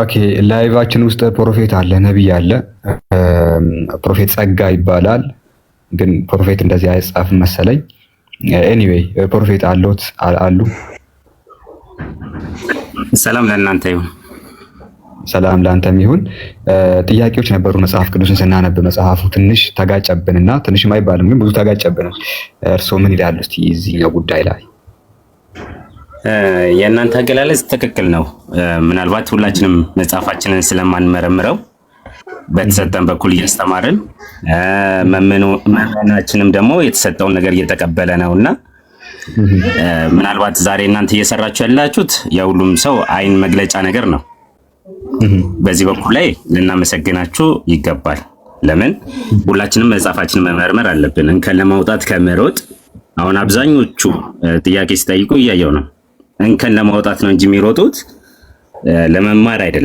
ኦኬ ላይቫችን ውስጥ ፕሮፌት አለ፣ ነቢይ አለ። ፕሮፌት ጸጋ ይባላል፣ ግን ፕሮፌት እንደዚህ አይጻፍም መሰለኝ። ኤኒዌይ ፕሮፌት አሎት አሉ። ሰላም ለእናንተ ይሁን። ሰላም ለአንተም ይሁን። ጥያቄዎች ነበሩ። መጽሐፍ ቅዱስን ስናነብ መጽሐፉ ትንሽ ተጋጨብንና፣ ትንሽም አይባልም ግን ብዙ ተጋጨብን። እርስዎ ምን ይላሉ እስቲ እዚህኛው ጉዳይ ላይ? የእናንተ አገላለጽ ትክክል ነው። ምናልባት ሁላችንም መጽሐፋችንን ስለማንመረምረው በተሰጠን በኩል እያስተማርን መመናችንም ደግሞ የተሰጠውን ነገር እየተቀበለ ነው እና ምናልባት ዛሬ እናንተ እየሰራችሁ ያላችሁት የሁሉም ሰው አይን መግለጫ ነገር ነው። በዚህ በኩል ላይ ልናመሰግናችሁ ይገባል። ለምን ሁላችንም መጽሐፋችንን መመርመር አለብን። እንከን ለማውጣት ከመሮጥ አሁን አብዛኞቹ ጥያቄ ሲጠይቁ እያየው ነው እንከን ለማውጣት ነው እንጂ የሚሮጡት ለመማር አይደለም።